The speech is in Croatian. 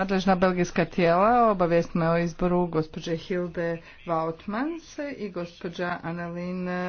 Nadležna belgijska tijela obavijest me o izboru gospođe Hilde Vautmans i gospođa Annaline...